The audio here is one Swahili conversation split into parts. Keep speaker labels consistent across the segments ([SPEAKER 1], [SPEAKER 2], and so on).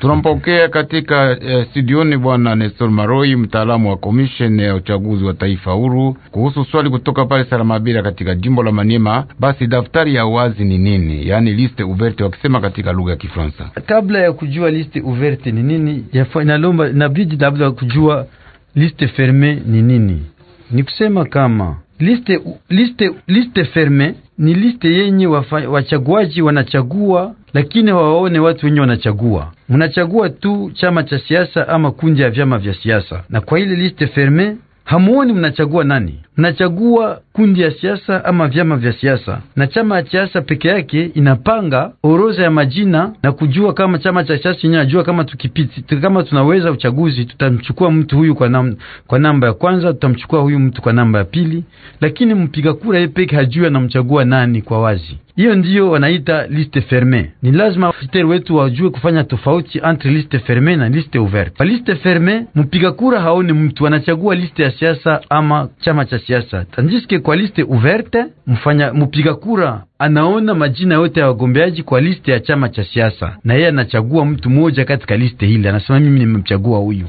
[SPEAKER 1] Tunampokea katika eh, studioni bwana Nestor Maroi, mtaalamu wa komisheni ya uchaguzi wa taifa huru, kuhusu swali kutoka pale Salamabila katika jimbo la manyema Basi daftari ya wazi ni nini, yaani liste ouverte wakisema katika lugha ya Kifaransa?
[SPEAKER 2] Kabla ya kujua liste ouverte ni nini, inalomba inabidi labda kujua liste ferme ni nini. Ni kusema kama Liste, liste, liste ferme ni liste yenye wachaguaji wanachagua, lakini hawaone watu wenye wanachagua. Mnachagua tu chama cha siasa ama kundi ya vyama vya siasa, na kwa ile liste ferme hamuoni mnachagua nani. Mnachagua makundi ya siasa ama vyama vya siasa, na chama ya siasa peke yake inapanga orodha ya majina na kujua kama chama cha siasa yenyewe anajua kama tukipiti, kama tunaweza uchaguzi, tutamchukua mtu huyu kwa, nam, kwa namba ya kwanza, tutamchukua huyu mtu kwa namba ya pili, lakini mpiga kura yeye peke hajui anamchagua nani kwa wazi. Hiyo ndiyo wanaita liste ferme. Ni lazima fiter wetu wajue kufanya tofauti entre liste ferme na liste ouverte. Kwa liste ferme mpiga kura haone mtu, anachagua liste ya siasa ama chama cha siasa tandiske kwa liste ouverte, mfanya mpiga kura anaona majina yote ya wagombeaji kwa liste ya chama cha siasa, na yeye anachagua mtu mmoja katika liste hili, anasema mimi nimemchagua huyu.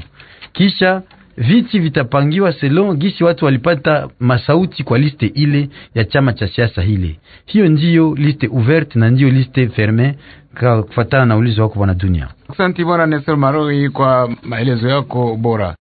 [SPEAKER 2] Kisha viti vitapangiwa selon gisi watu walipata masauti kwa liste ile ya chama cha siasa hile. Hiyo ndiyo liste ouverte na ndiyo liste ferme, kufatana na ulizo wako bwana Dunia.
[SPEAKER 1] Asante bwana Nesel Maroi kwa maelezo yako bora.